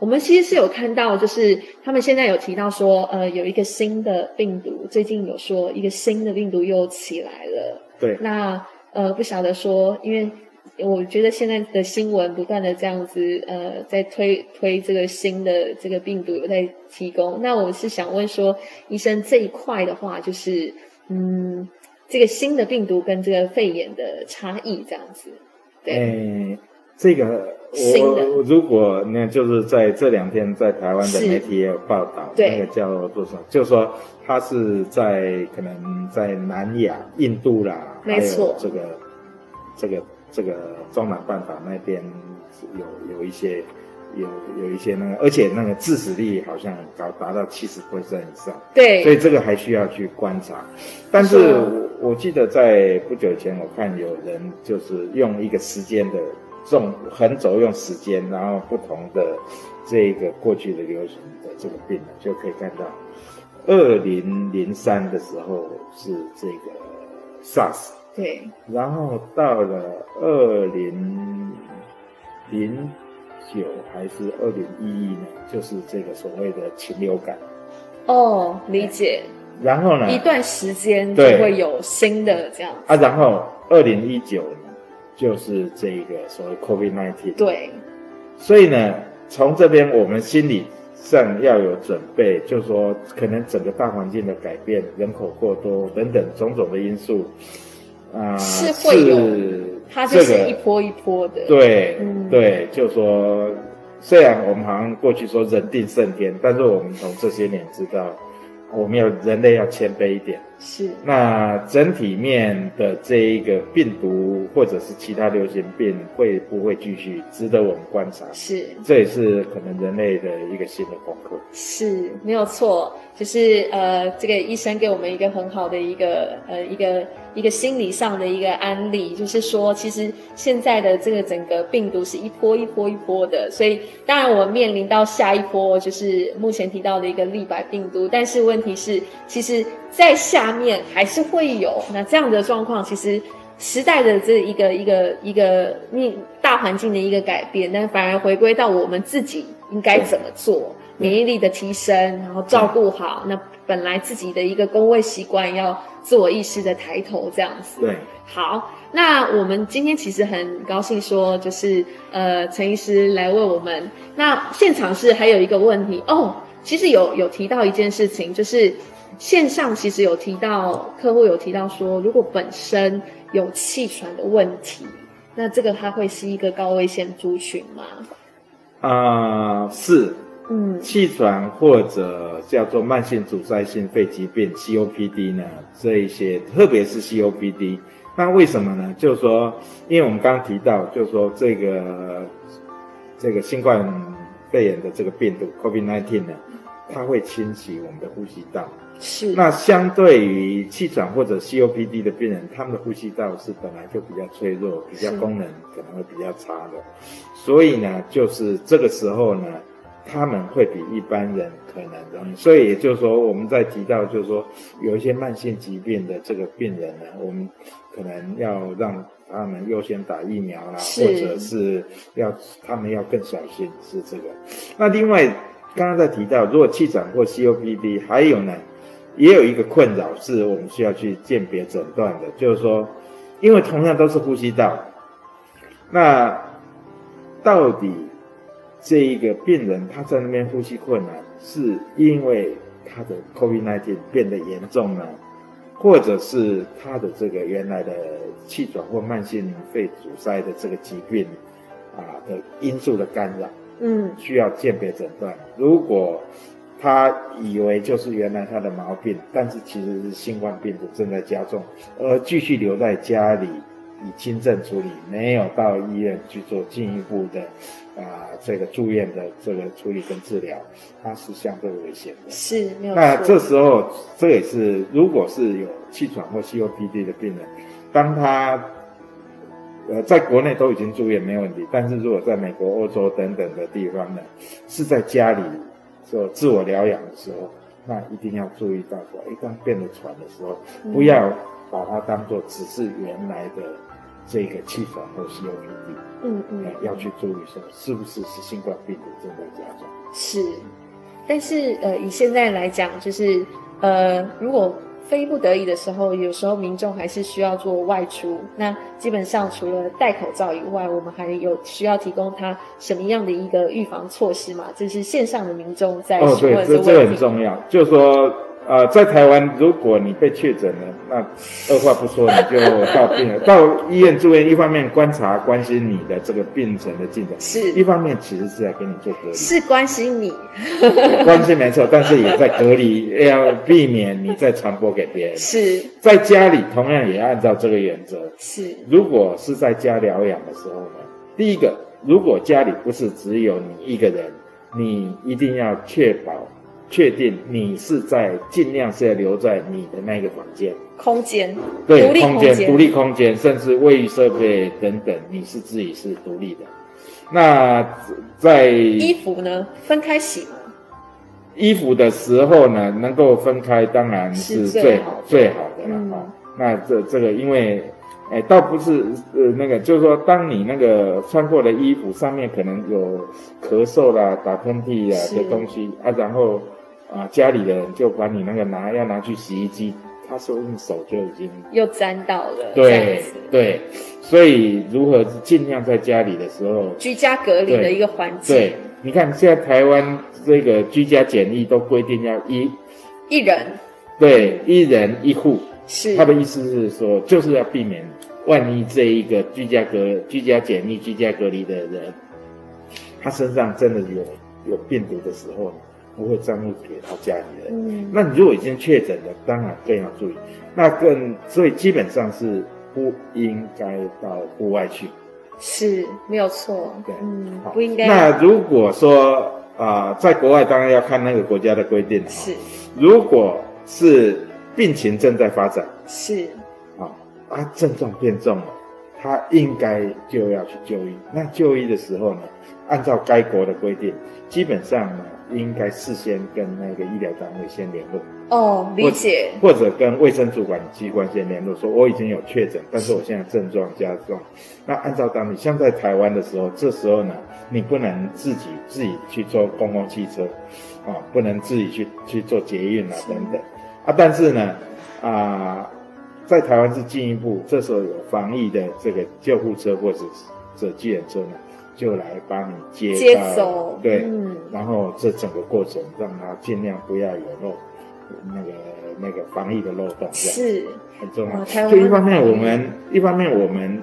我們其實是有看到，就是他們現在有提到說，呃，有一個新的病毒，最近有說一個新的病毒又起來了。對。那呃，不曉得說，因為我覺得現在的新聞不斷地這樣子，呃，在推推這個新的這個病毒有在提供。那我是想問說，醫生這一塊的話，就是。嗯，這個新的病毒跟這個肺炎的差異這樣子，對。哎、欸，這個我新的，我如果你看，那就是在這兩天在台灣的媒體也有報道，那個叫做什麼？就是說，它是在可能在南亞、印度啦，沒錯，這個、這個、這個中南半島那邊有有一些。有有一些那個，而且那個致死率好像很高，達到七十 percent 以上。對，所以這個還需要去觀察。但是我我記得在不久前，我看有人就是用一個時間的縱，橫軸，用時間，然後不同的這個過去的流行的這個病人就可以看到，二零零三的時候是這個 SARS。對。然後到了二零零。九還是二零一一呢？就是這個所謂的禽流感。哦，理解。然後呢，一段時間就會有新的這樣子。啊，然後二零一九呢，就是這個所謂 COVID nineteen。對。所以呢，從這邊我們心理上要有準備，就是說，可能整個大環境的改變、人口過多等等種種的因素，呃，是會有。他就是一波一波的、這個，對對，就說雖然我們好像過去說人定勝天，但是我們從這些年知道，我們要人類要謙卑一點。是，那整體面的這一個病毒或者是其他流行病會不會繼續值得我們觀察？是，這也是可能人類的一個新的功課。是，沒有錯，就是呃，這個醫生給我們一個很好的一個呃一個一個心理上的一個案例，就是說，其實現在的這個整個病毒是一波一波一波的，所以當然我們面臨到下一波就是目前提到的一個立白病毒，但是問題是其實，在下面還是會有那這樣的狀況，其實時代的這一個一個一個命大環境的一個改變，那反而回歸到我們自己應該怎麼做，免疫力的提升，然後照顧好那本來自己的一個公衛習慣，要自我意識的抬頭這樣子。對，好，那我們今天其實很高興說，就是呃，陳醫師來為我們。那現場是還有一個問題哦。其實有有提到一件事情，就是線上其實有提到客戶有提到說，如果本身有氣喘的問題，那這個它會是一個高危險族群嗎？啊、呃，是，嗯，氣喘或者叫做慢性阻塞性肺疾病 （COPD） 呢，這一些，特別是 COPD，那為什麼呢？就是說，因為我們剛剛提到，就是說這個這個新冠。肺炎的這個病毒 COVID-19 呢，它會侵襲我們的呼吸道。是。那相對於氣喘或者 COPD 的病人，他們的呼吸道是本來就比較脆弱，比較功能可能會比較差的。所以呢，就是這個時候呢，他們會比一般人可能容易，嗯、所以也就是說，我們在提到就是說有一些慢性疾病的這個病人呢，我們可能要讓。他們優先打疫苗啦、啊，或者是要他們要更小心，是這個。那另外，剛剛在提到，如果氣喘或 COPD，還有呢，也有一個困擾，是我們需要去鑑別診斷的，就是說，因為同樣都是呼吸道，那到底這一個病人他在那邊呼吸困難，是因為他的 COVID-19 變得嚴重了？或者是他的這個原來的氣喘或慢性肺阻塞的這個疾病，啊的因素的干擾，嗯，需要鑑別診斷。如果他以為就是原來他的毛病，但是其實是新冠病毒正在加重，而繼續留在家裡。以輕症處理，沒有到醫院去做進一步的，啊、呃，這個住院的這個處理跟治療，它是相對危險的。是，沒有錯。那這時候，這也是如果是有氣喘或 COPD 的病人，當他呃在國內都已經住院沒問題，但是如果在美國、歐洲等等的地方呢，是在家裡做自我療養的時候，那一定要注意到說，一旦變得喘的時候，不要。嗯把它當做只是原來的這個氣喘或是有餘地嗯嗯，呃，要去注意說是不是是新冠病毒正在加重？是，但是呃，以現在來講，就是呃，如果非不得已的時候，有時候民眾還是需要做外出。那基本上除了戴口罩以外，嗯、我們還有需要提供他什麼樣的一個預防措施嘛？就是線上的民眾在詢問的問題、哦、對、這，這很重要，就是說。嗯啊、呃，在台灣，如果你被確診了，那二話不說你就到病院， 到醫院住院。一方面觀察、關心你的這個病情的進展；是，一方面其實是在跟你做隔離。是關心你， 關心沒錯，但是也在隔離，要避免你再傳播給別人。是，在家裡同樣也要按照這個原則。是，如果是在家療養的時候呢，第一個，如果家裡不是只有你一個人，你一定要確保。確定你是在盡量是要留在你的那個房間空間，對，空間獨立空間，甚至衛浴設備等等，你是自己是獨立的。那在衣服呢？分開洗。衣服的時候呢，能夠分開當然是最好是最好的了，嗯。那這這個因為，哎，欸，倒不是呃那個，就是說，當你那個穿過的衣服上面可能有咳嗽啦、打噴嚏呀的東西啊，然後。啊，家裡的人就把你那個拿要拿去洗衣機，他說用手就已經又沾到了。對對，所以如何盡量在家裡的時候，居家隔離的一個環節。對，你看現在台灣這個居家檢疫都規定要一一人，對，一人一戶，是。他的意思是說，就是要避免萬一這一個居家隔居家檢疫居家隔離的人，他身上真的有有病毒的時候。不會佔用給他家裡人，嗯。那你如果已經確診了，當然更要注意。那更所以基本上是不應該到戶外去。是，沒有錯。對，嗯，不應該、啊。那如果說啊、呃，在國外當然要看那個國家的規定。是。啊、如果是病情正在發展，是。啊啊，症狀變重了，他應該就要去就醫。那就醫的時候呢？按照該國的規定，基本上呢，應該事先跟那個醫療單位先聯絡哦，理解或，或者跟衛生主管機關先聯絡，說我已經有確診，但是我現在症狀加重。那按照當你像在台灣的時候，這時候呢，你不能自己自己去坐公共汽車，啊，不能自己去去坐捷運啊等等啊。但是呢，啊、呃，在台灣是進一步，這時候有防疫的這個救護車或者這計程車呢，就來幫你接到接收對、嗯，然後這整個過程讓他儘量不要有漏，那個那個防疫的漏洞這樣是、嗯、很重要。啊、就一方面我們一方面我們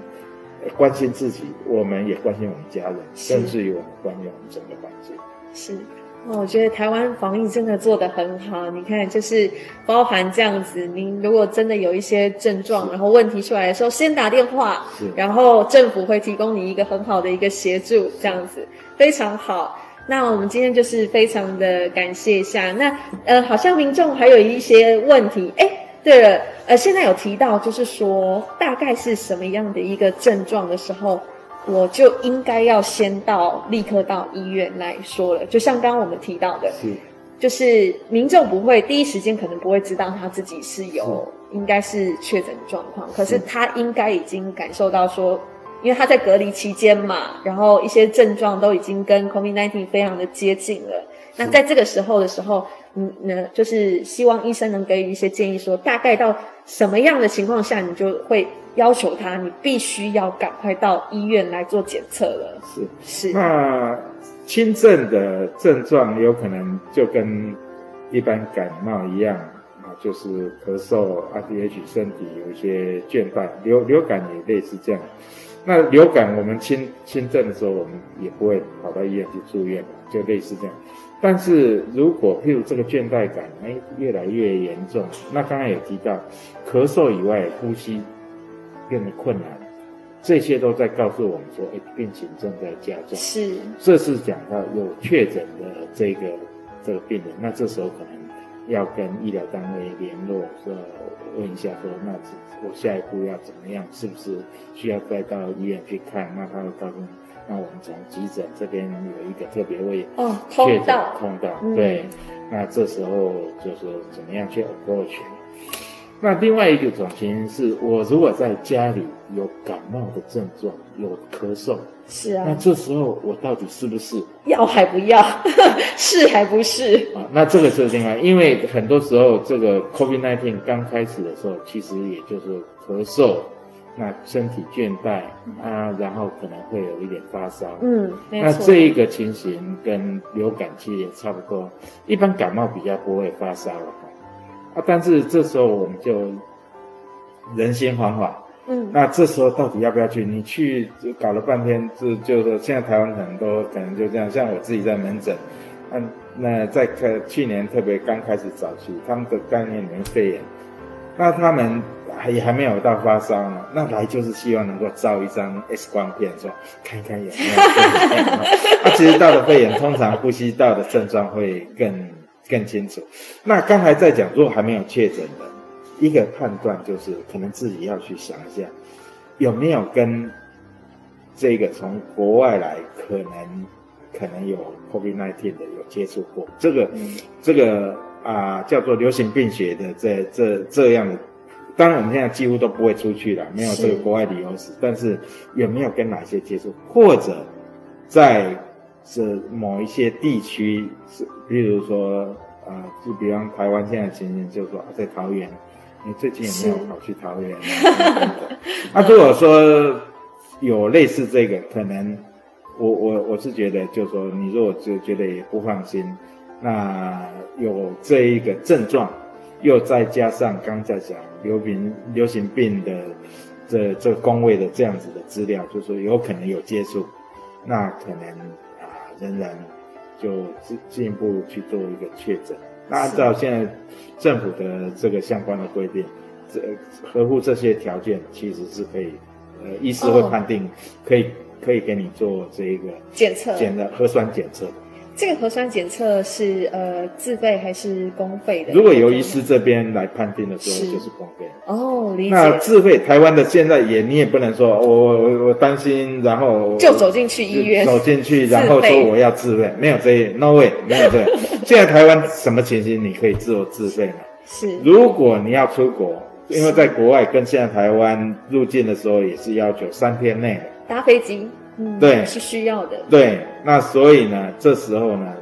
關心自己，我們也關心我們家人，甚至於我們關心我們整個環境是。是我覺得台灣防疫真的做得很好，你看就是包含這樣子，您如果真的有一些症狀，然後問題出來的時候，先打電話，然後政府會提供你一個很好的一個協助，這樣子非常好。那我們今天就是非常的感謝一下。那呃，好像民眾還有一些問題，哎，對了，呃，現在有提到就是說大概是什麼樣的一個症狀的時候。我就應該要先到，立刻到醫院來說了。就像剛剛我們提到的，是，就是民眾不會第一時間可能不會知道他自己是有，是，應該是確診狀況，可是他應該已經感受到說，因為他在隔離期間嘛，然後一些症狀都已經跟 COVID-19 非常的接近了。那在這個時候的時候，嗯，那就是希望醫生能給予一些建議說，大概到什麼樣的情況下，你就會要求他，你必須要趕快到醫院來做檢測了。是是。那輕症的症狀有可能就跟一般感冒一樣啊，就是咳嗽、R D H 身體有一些倦怠，流流感也類似這樣。那流感我們輕輕症的時候，我們也不會跑到醫院去住院，就類似這樣。但是如果譬如這個倦怠感哎、欸、越來越嚴重，那剛剛也提到，咳嗽以外，呼吸變得困難，這些都在告訴我們說，哎、欸、病情正在加重。是，這是講到有確診的這個這個病人，那這時候可能要跟醫療單位聯絡，說，問一下說，那我下一步要怎麼樣？是不是需要再到醫院去看？那他會告訴你。那我們從急診這邊有一個特別位空哦通道，通道。對、嗯，那這時候就是怎麼樣去 approach？那另外一個情形是我如果在家裡有感冒的症狀，有咳嗽。是啊，那這時候我到底是不是要還不要？是還不是啊？那這個是另外，因為很多時候這個 COVID 19剛開始的時候，其實也就是咳嗽。那身體倦怠啊，然後可能會有一點發燒，嗯，那這一個情形跟流感期也差不多，一般感冒比較不會發燒了，啊，但是這時候我們就人心惶惶，嗯，那這時候到底要不要去？你去搞了半天，就就是說現在台灣很多可能就這樣，像我自己在門診，嗯，那在去年特別剛開始早期，他們的概念裡面肺炎，那他們。還也還沒有到發燒呢，那來就是希望能夠照一張 X 光片說，說看一看有沒有肺炎。 啊，其實到了肺炎，通常呼吸道的症狀會更更清楚。那剛才在講，如果還沒有確診的，一個判斷就是可能自己要去想一下，有沒有跟這個從國外來可能可能有 COVID-19 的有接觸過？這個、嗯、這個啊、呃，叫做流行病學的這這這樣的。當然，我們現在幾乎都不會出去了，沒有這個國外旅遊史，但是也沒有跟哪些接觸，或者在是某一些地區，是，比如說，呃，就比方台灣現在的情形，就是說，在桃園，你最近也沒有跑去桃園。那、啊 啊、如果說有類似這個，可能我我我是覺得，就是說，你如果就覺得也不放心，那有這一個症狀，又再加上剛才講。流行流行病的這這工位的這樣子的資料，就是說有可能有接觸，那可能啊，仍然就進進一步去做一個確診。那按照現在政府的這個相關的規定，這合乎這些條件，其實是可以，呃，醫師會判定，哦，可以可以給你做這一個檢測檢的核酸檢測。這個核酸檢測是呃，自費還是公費的？如果由醫師這邊來判定的時候，就是公費。哦，oh, 理解。那自費，台灣的現在也你也不能說，我我我擔心，然後就走進去醫院，走進去然後說我要自費，沒有這一，no way，沒有這。 現在台灣什麼情形，你可以自我自費呢？是。如果你要出國，因為在國外跟現在台灣入境的時候也是要求三天內。搭飛機。嗯，對，是需要的。對，那所以呢，這時候呢，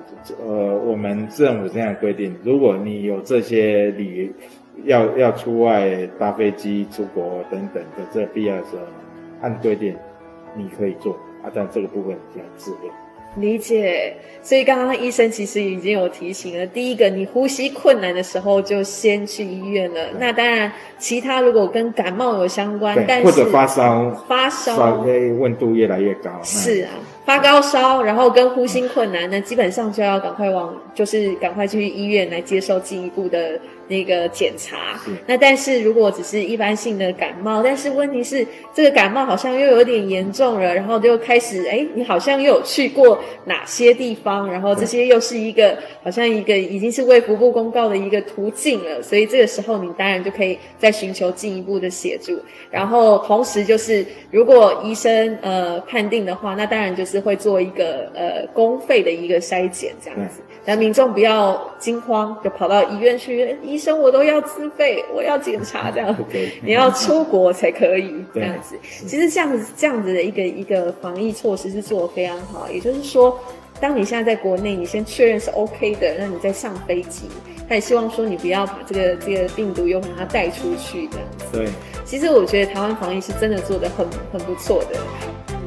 呃，我們政府現在規定，如果你有這些旅，要要出外搭飛機出國等等的這必要的時候，按規定你可以做啊，但這個部分要自願。理解，所以剛剛醫生其實已經有提醒了。第一個，你呼吸困難的時候就先去醫院了。那當然，其他如果跟感冒有相關，但是，或者發燒，發燒，溫度越來越高，是啊，發高燒，然後跟呼吸困難，那基本上就要趕快往，就是趕快去醫院來接受進一步的。那個檢查，那但是如果只是一般性的感冒，但是問題是這個感冒好像又有點嚴重了，然後就開始哎、欸，你好像又有去過哪些地方，然後這些又是一個好像一個已經是衛福部公告的一個途徑了，所以這個時候你當然就可以再尋求進一步的協助，然後同時就是如果醫生呃判定的話，那當然就是會做一個呃公費的一個篩檢這樣子。那民眾不要驚慌，就跑到醫院去。醫生，我都要自費，我要檢查這樣。 可以 你要出國才可以這樣子。其實這樣子這樣子的一個一個防疫措施是做得非常好。也就是說，當你現在在國內，你先確認是 OK 的，那你再上飛機。他也希望說你不要把這個這個病毒又把它帶出去這樣子。對，其實我覺得台灣防疫是真的做得很很不錯的。